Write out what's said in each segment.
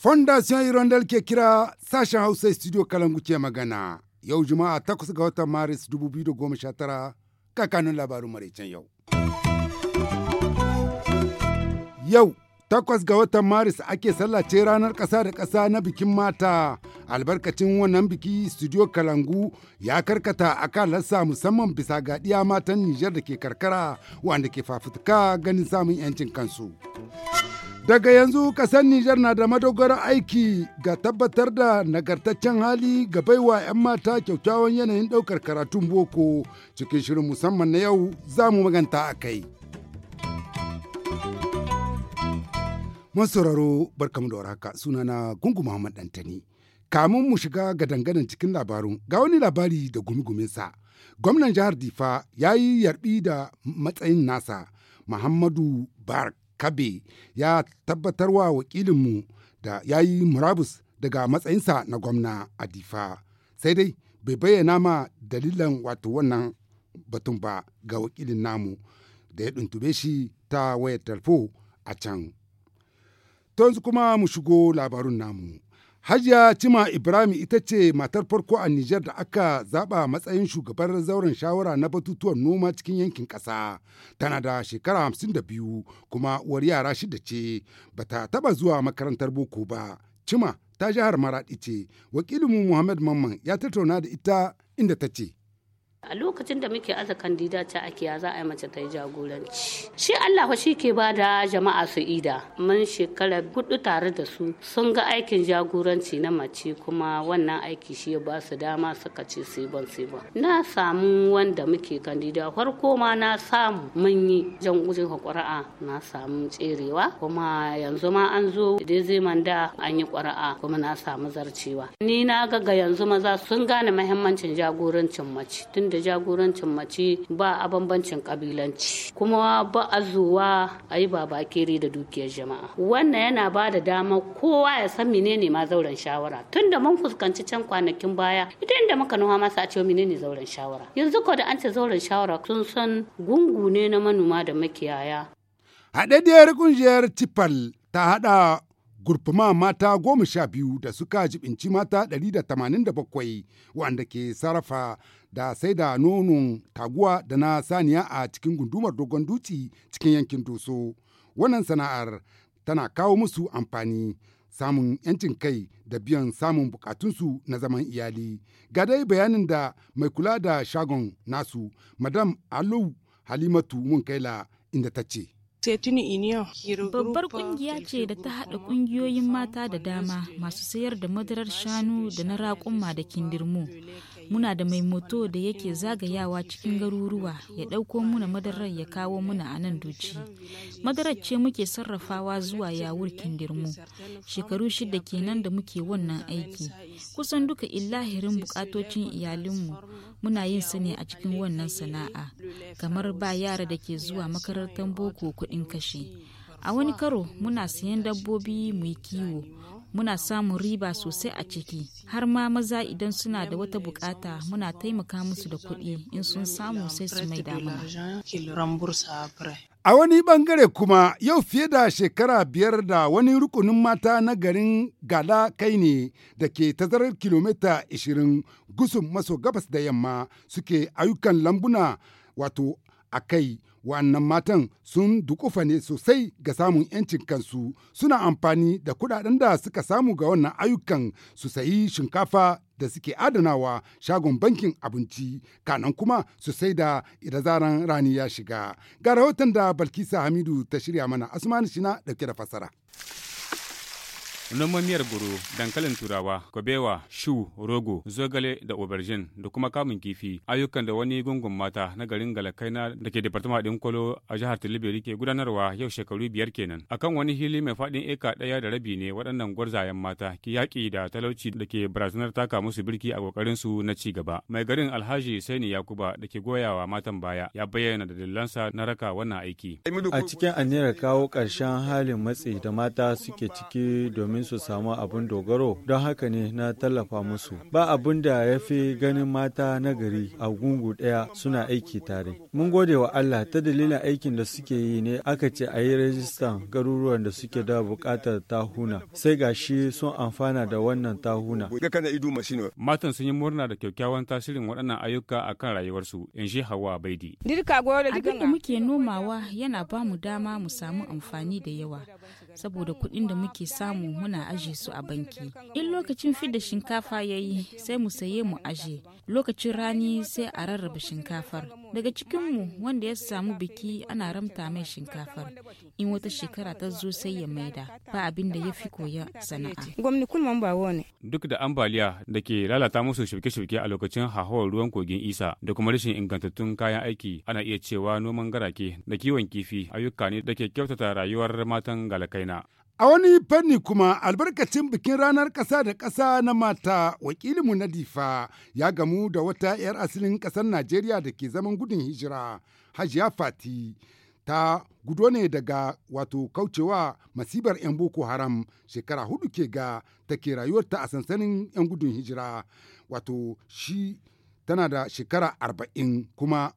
Fondation irondel ke kira sashen Hausa studio Kalangu ke magana. Yau Juma'a takwas ga watan Maris 2019 kakanin labarin maraicen yau. Yau Takwas ga watan Maris ake sallace ranar ƙasa da ƙasa na bikin mata. Albarkacin wannan biki Studio Kalangu ya karkata a lassa musamman bisa ga ɗiya matan Nijar da ke karkara wanda ke fafutuka ganin samun 'yancin kansu. Daga yanzu ƙasar Nijar na da madogarar aiki ga tabbatar da nagartaccen hali ga baiwa 'yan mata kyakkyawan yanayin ɗaukar karatun boko cikin shirin musamman na yau za mu maganta a kai. Masauraro barkamu da warhaka sunana Gungu Muhammad Dantani. Kamun mu shiga ga danganan cikin labarun ga wani labari da gumi-guminsa. Gwamnan jihar Difa ya yi yarbi da matsayin nasa Muhammadu Bar Kabe ya tabbatarwa wakilinmu da ya yi murabus daga matsayinsa na gwamna a Difa. Sai dai bai bayyana ma dalilan wato wannan batun ba ga wakilin namu da ya ɗuntube shi ta wayar talfo a can. To yanzu kuma mu shigo labarun namu. Hajiya Cima Ibrahim ita ce matar farko a Nijar da aka zaɓa matsayin shugabar zauren shawara na batutuwan noma cikin yankin ƙasa. Tana da shekara hamsin da biyu kuma uwar yara shida ce ba ta taɓa zuwa makarantar boko ba. Cima ta jihar Maraɗi ce, wakilinmu Muhammad Mamman ya tattauna da ita inda ta ce. a lokacin da muke aza kandida ta akiya za a yi mace ta yi jagoranci shi Allah shi ke bada jama'a su ida mun shekara hudu tare da su sun ga aikin jagoranci na mace kuma wannan aiki shi ya ba su dama suka ce sai ban sai ban na samu wanda muke kandida farko ma na samu mun yi jan ujin na samu tserewa kuma yanzu ma an zo da zai manda an yi ƙuri'a kuma na samu zarcewa ni na ga ga yanzu maza sun gane mahimmancin jagorancin mace tunda da jagorancin mace ba a bambancin kabilanci kuma ba a zuwa a yi ba da dukiyar jama'a wannan yana ba da dama kowa ya san menene ma zauren shawara tun da mun fuskanci can kwanakin baya idan da muka nuna masa a ce menene zauren shawara yanzu ko da an ce zauren shawara sun san gungu ne na manoma da makiyaya haɗaɗɗiyar kungiyar tipal ta haɗa gurfuma mata goma sha biyu da suka jibinci mata 187 wanda ke sarrafa da sai da nonon taguwa da na saniya a cikin gundumar dogon dutse cikin yankin doso wannan sana'ar tana kawo musu amfani samun 'yancin kai da biyan samun bukatunsu na zaman iyali ga dai bayanin da mai kula da shagon nasu madam alu halimatu munkaila inda ta ce Babbar kungiya ce da ta haɗa ƙungiyoyin mata da dama masu sayar da madarar shanu da na raƙuma da kindirmu muna da mai moto da yake zagayawa cikin garuruwa ya ɗauko muna madarar ya kawo muna a nan duci madarar ce muke sarrafawa zuwa yawur kindirmu shekaru shida kenan da muke wannan aiki kusan duka illahirin bukatocin iyalinmu muna yin su ne a cikin wannan sana'a kamar ba yara da ke zuwa makarantar boko kuɗin kashe a wani karo muna siyan dabbobi mu yi kiwo muna samun riba sosai a ciki har ma maza idan suna da wata bukata muna taimaka musu da kuɗi in sun samu sai su mai dama. A wani bangare kuma yau fiye da shekara biyar da wani rukunin mata na garin Gala kai ne da ke tazarar kilomita 20 gusun maso gabas da yamma suke ayyukan lambuna wato a kai wannan matan sun dukufa ne sosai ga samun 'yancin kansu suna amfani da kudaden da suka samu ga wannan ayyukan su sayi shinkafa da suke adanawa shagon bankin abinci kanan kuma su sai da zaran rani ya shiga. Ga rahoton da Balkisa Hamidu ta shirya mana Asmanu Shina ɗauke da fasara. noman miyar goro dankalin turawa kobewa shu rogo zogale da aubergine da kuma kamun kifi ayyukan da wani gungun mata na garin galakaina da ke departama ɗin kwalo a jihar tilibiri ke gudanarwa yau shekaru biyar kenan akan wani hili mai faɗin eka ɗaya da rabi ne waɗannan gwarzayen mata ke yaƙi da talauci da ke barazanar taka musu birki a ƙoƙarin su na ci gaba mai garin alhaji sai saini yakuba da ke goyawa matan baya ya bayyana da dalilansa na raka wannan aiki a cikin aniyar kawo ƙarshen halin matsi da mata suke ciki domin domin su samu abin dogaro don haka ne na tallafa musu ba abin da ya fi ganin mata na gari a gungu daya suna aiki tare mun gode wa Allah ta dalilin aikin da suke yi ne aka ce a yi rajistan garuruwan da suke da buƙatar tahuna sai gashi sun amfana da wannan tahuna matan sun yi murna da kyakkyawan tasirin waɗannan ayyuka a kan rayuwarsu in shi hawa baidi abin da muke nomawa yana ba mu dama mu samu amfani da yawa saboda kuɗin da muke samu muna aje su a banki in lokacin fidda shinkafa ya yi sai mu saye mu aje lokacin rani sai a rarraba shinkafar daga cikinmu wanda ya samu biki ana ramta mai shinkafar in wata shekara ta zo sai ya maida ba abin da ya fi koya sana'a duk da ambaliya da ke lalata musu shirke-shirke a lokacin hahawar ruwan kogin isa da kuma rashin ingantattun kayan aiki ana iya cewa noman garake da kiwon kifi ayyuka ne da ke kyautata rayuwar matan galakai China. A wani fanni kuma albarkacin bikin ranar ƙasa da ƙasa na mata wakilinmu na difa ya gamu da wata 'yar asalin ƙasar Najeriya da ke zaman gudun hijira Hajiya Fati ta gudo ne daga wato kaucewa masibar 'yan Boko Haram shekara hudu ke ga take rayuwarta a sansanin 'yan gudun hijira wato shi tana da shekara arba'in kuma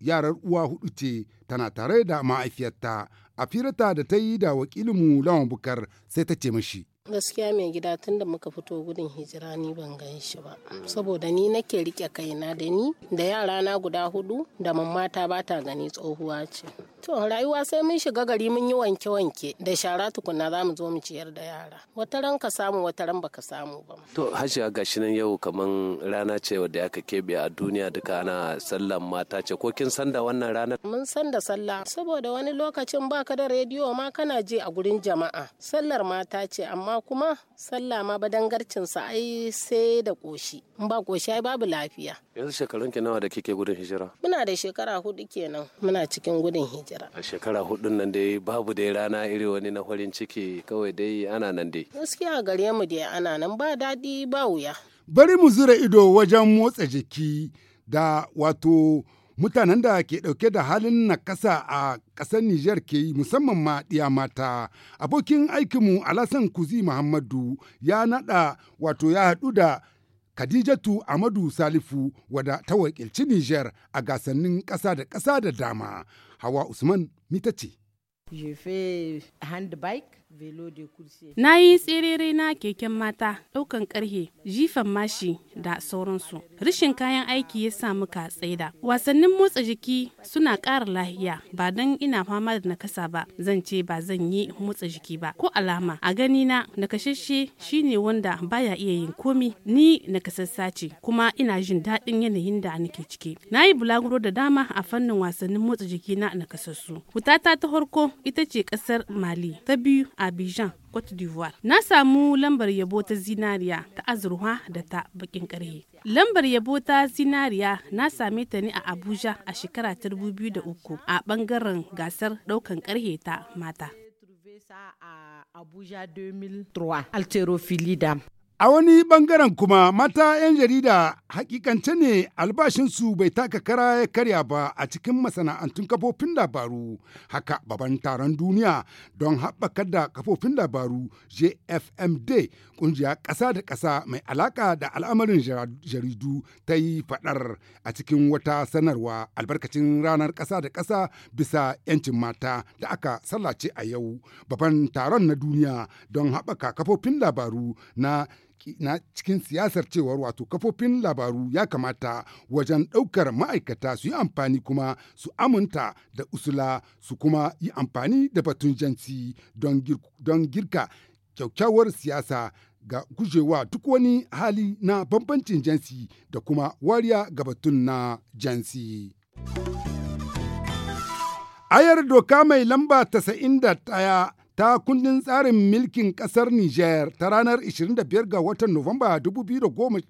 yarar uwa hudu ce tana tare da ma'aifiyarta a firata da ta yi da wakilinmu lawan bukar sai ta ce mashi gaskiya mai gida tun da muka fito gudun hijira ni ban gan shi ba saboda ni nake rike kaina da ni da yara na guda hudu da mamma ta bata gani tsohuwa ce To rayuwa sai mun shiga gari mun yi wanke-wanke da shara tukuna za mu zo mu ciyar da yara. Wata ran ka samu wata ran baka samu ba. To ga shi nan yau kaman rana ce wadda aka keɓe a duniya duka ana sallan mata ce ko kin san da wannan rana Mun san da sallah saboda wani lokacin baka da rediyo ma kana je a gurin jama'a. Sallar mata ce amma kuma sallah ma badangarcin sa ai sai da koshi. In ba koshi ai babu lafiya. Yanzu shekarun ki nawa da kike gudun hijira? Muna da shekara hudu kenan muna cikin gudun hijira. a shekara hudun nan dai babu dai rana iri wani na farin ciki kawai dai ana nan dai gaskiya gare mu dai ana nan ba daɗi ba wuya bari mu zura ido wajen motsa jiki da wato mutanen da ke ɗauke da halin na kasa a ƙasar Nijar ke yi musamman ma ɗiya mata. Abokin aikinmu Alasan Kuzi Muhammadu ya naɗa wato ya haɗu da Khadijatu Amadu Salifu wada ta wakilci Nijar a gasannin ƙasa da ƙasa da dama. Hawa Usman mita ce. handbike Na yi tserere na keken mata, ɗaukan ƙarhe, jifan mashi da sauransu. Rashin kayan aiki ya sa muka tsaida. Wasannin motsa jiki suna ƙara lahiya, ba don ina fama da nakasa ba, zan ce ba zan yi motsa jiki ba. Ko alama, a gani na nakashashe shine wanda baya iya yin komi, ni nakasassa ce, kuma ina jin daɗin yanayin da nake ciki. Na yi bulaguro da dama a fannin wasannin motsa jiki na nakasassu. Hutata ta farko ita ce ƙasar Mali, ta biyu a Abidjan, Cote d'Ivoire. Na samu lambar yabo ta zinariya ta azurwa da ta bakin karhe. Lambar yabo ta zinariya na same ta ne a Abuja a shekara ta uku a bangaren gasar ɗaukan karhe ta mata. Abuja 2003 A wani bangaren kuma mata 'yan jarida hakikance ne albashinsu bai taka kara ya karya ba a cikin masana'antun kafofin labaru haka baban taron duniya don haɓaka da kafofin labaru JFMD ƙungiya ƙasa da ƙasa mai alaƙa da al'amarin jaridu ta yi faɗar a cikin wata sanarwa albarkacin ranar ƙasa da ƙasa bisa 'yancin mata da aka sallace a yau baban taron na duniya don haɓaka kafofin labaru na na cikin siyasar cewar wato kafofin labaru ya kamata wajen ɗaukar ma'aikata su yi amfani kuma su aminta da usula su kuma yi amfani da batun jansi don girka kyakkyawar siyasa ga gujewa duk wani hali na bambancin jansi da kuma wariya ga batun na jansi. Ayar doka mai lamba 91 ta kundin tsarin milkin kasar Nijar ta ranar 25 ga watan Nuwamba 2010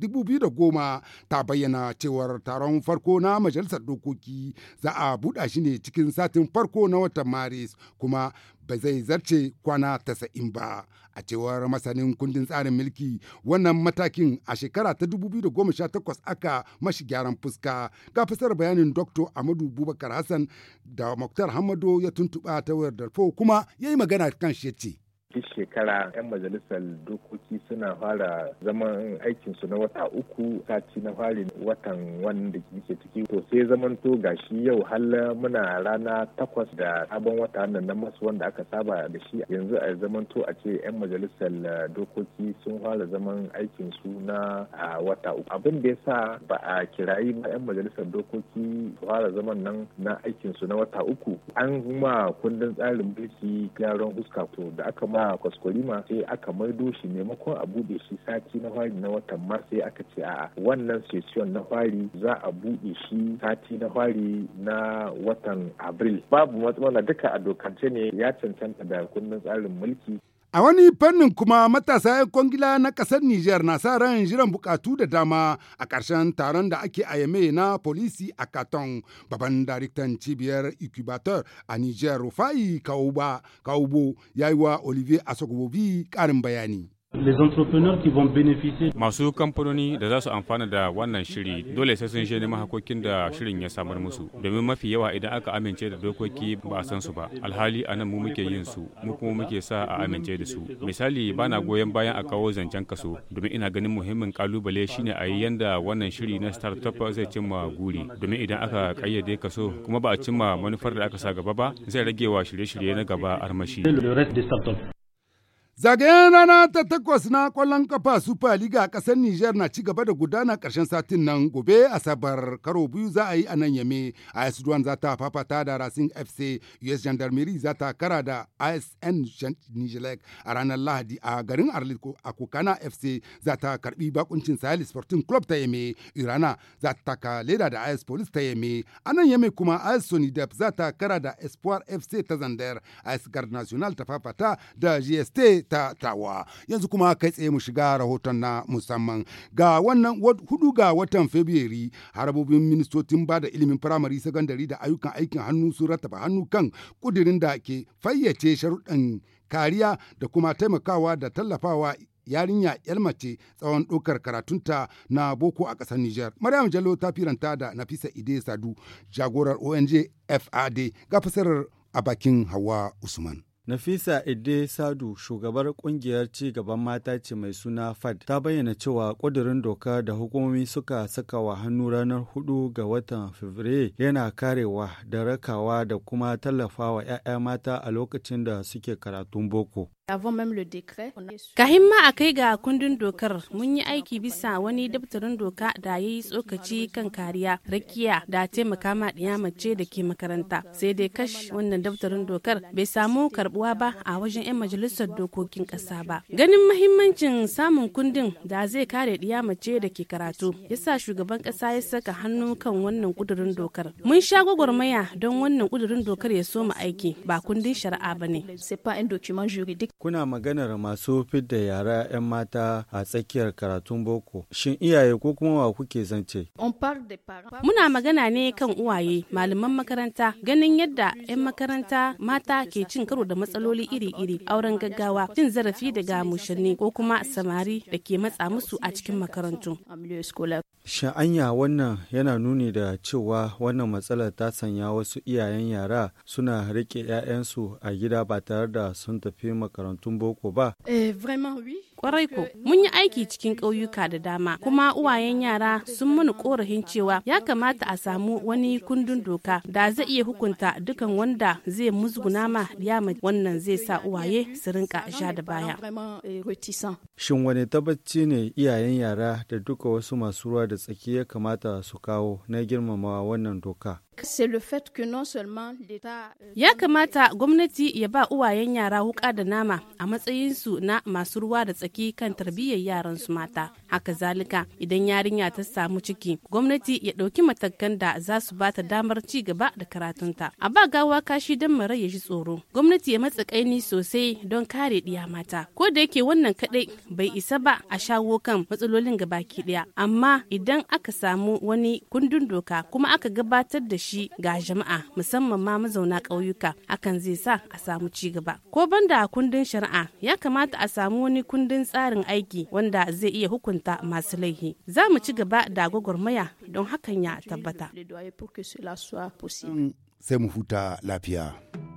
2010 ta bayyana cewar taron farko na majalisar dokoki za a buɗa shi ne cikin satin farko na watan maris kuma ba zai zarce kwana tasa'in ba a cewar masanin kundin tsarin mulki wannan matakin a shekara ta 2018 aka mashi gyaran fuska ga fasar bayanin dr amadu bubakar hassan da muktar hamado ya tuntuɓa ta wayar darfo kuma ya yi magana kan shi ce duk shekara 'yan majalisar dokoki suna fara zaman aikinsu na wata uku sati na fari watan wanda ke ciki to sai zaman to gashi yau hal muna rana takwas da sabon wata nan na masu wanda aka saba da shi yanzu a zaman to a ce 'yan majalisar eh, dokoki sun fara zaman aikinsu na wata uku abin da ya sa ba a kirayi ba 'yan majalisar dokoki fara zaman nan na aikinsu na wata uku an ma kundin tsarin mulki gyaran huska to da aka ma a ma sai aka maido shi maimakon a buɗe shi sati na fari na watan mars sai aka ce a wannan session na fari za a buɗe shi sati na fari na watan abril babu matsala duka a dokance ne ya cancanta da kundin tsarin mulki A wani fannin kuma matasa 'yan kwangila na ƙasar Nijar na sa ran jiran bukatu da dama a ƙarshen taron da ake ayame na polisi a Katon, babban daraktan cibiyar incubator a Nijar Rufai Kaubo ya yi wa Olivier Asogobobi ƙarin bayani. Masu kamfanoni da za su amfana da wannan shiri dole sai sun je neman hakokin da shirin ya samar musu domin mafi yawa idan aka amince da dokoki ba a san su ba alhali a nan mu muke yin su mu kuma muke sa a amince da su misali bana na goyon bayan a kawo zancen kaso domin ina ganin muhimmin kalubale shine a yi yanda wannan shiri na startup zai cimma guri domin idan aka kayyade kaso kuma ba a cimma manufar da aka sa gaba ba zai rage wa shirye-shirye na gaba armashi. Zagayen rana ta takwas na ƙwallon kafa Super League a ƙasar Nijar na ci gaba da gudana ƙarshen satin nan gobe Asabar karo biyu za a yi a nan Yame. AS Duwan za ta fafata da Racing FC, US Gendarmerie za ta kara da ISN Nijelek a ranar Lahadi a garin arliko a Kokana FC za ta karbi bakuncin Sahel Sporting Club ta Yame, Irana za ta taka leda da AS Police ta Yame. A nan Yame kuma AS Sonidep za ta kara da Espoir FC ta Zandar, AS Gard National ta fafata da GST ta Yanzu kuma kai tsaye mu shiga rahoton na musamman. Ga wannan hudu ga watan Fabrairu harabobin ministocin ba da ilimin firamare secondary da ayyukan aikin hannu sun rattaba hannu kan kudirin da ke fayyace sharuɗan kariya da kuma taimakawa da tallafawa yarinya yar mace tsawon ɗaukar karatunta na boko a ƙasar Nijar. Maryam Jallo ta firanta da Nafisa Ide Sadu jagorar ONG FAD ga fasarar a bakin Hawa Usman. Nafisa Ide Sadu shugabar kungiyar ci gaban mata ce mai suna FAD ta bayyana cewa ƙudurin doka da hukumomi suka saka wa hannu ranar 4 ga watan Fabrairu yana karewa da rakawa da kuma tallafawa 'ya'ya mata a lokacin da suke karatun boko. Kahin ma a kai ga kundin dokar mun yi aiki bisa wani daftarin doka da ya yi tsokaci kan kariya, rakiya da taimaka ma ɗiya mace da ke makaranta. Sai dai kash wannan daftarin dokar bai samu karbuwa ba a wajen 'yan majalisar dokokin ƙasa ba. Ganin mahimmancin samun kundin da zai kare ɗiya mace da ke karatu, yasa shugaban ƙasa ya saka hannu kan wannan kudurin dokar. Mun sha gwagwarmaya don wannan kudurin dokar ya soma aiki ba kundin shari'a ba ne. Kuna maganar masu fidda yara 'yan mata a tsakiyar karatun boko. Shin iyaye ko kuma wa kuke zance? Muna magana ne kan uwaye, malaman makaranta, ganin yadda 'yan makaranta mata ke cin karo da matsaloli iri-iri, auren gaggawa, cin zarafi daga mushanni ko kuma samari da ke matsa musu a cikin makarantu. Sha'anya wannan yana nuni da cewa wannan matsalar ta sanya wasu iyayen yara suna rike 'ya'yansu a gida ba tare da sun tafi makarantu. makarantun boko ba? Eh, Kwarai ko, mun yi aiki cikin ƙauyuka da dama, kuma uwayen yara sun mana korafin cewa ya kamata a samu wani kundin doka da zai iya hukunta dukan wanda zai musguna ma yama wannan zai sa uwaye su rinka sha da baya. Eh, Shin wani tabbaci ne iyayen yara da duka wasu masu ruwa da tsaki ya kamata su kawo na girmamawa wannan doka? Euh, ya kamata gwamnati ya ba uwayen yara wuka da nama a matsayinsu na masu ruwa da tsaki kan tarbiyyar yaransu mata. haka zalika idan yarinya ta samu ciki gwamnati ya ɗauki matakan da za su ba ta damar ci gaba da karatunta a ba gawa kashi don mara ya ji tsoro gwamnati ya matsa kaini sosai don kare ɗiya mata ko da yake wannan kaɗai bai isa ba a shawo kan matsalolin gabaki ɗaya amma idan aka samu wani kundin doka kuma aka gabatar da shi ga jama'a musamman ma mazauna ƙauyuka hakan zai sa a samu ci gaba ko banda kundin shari'a ya kamata a samu wani kundin tsarin aiki wanda zai iya hukunta hukunta masu laihi za mu ci gaba da gwagwarmaya don hakan ya tabbata mm, sai mu huta lafiya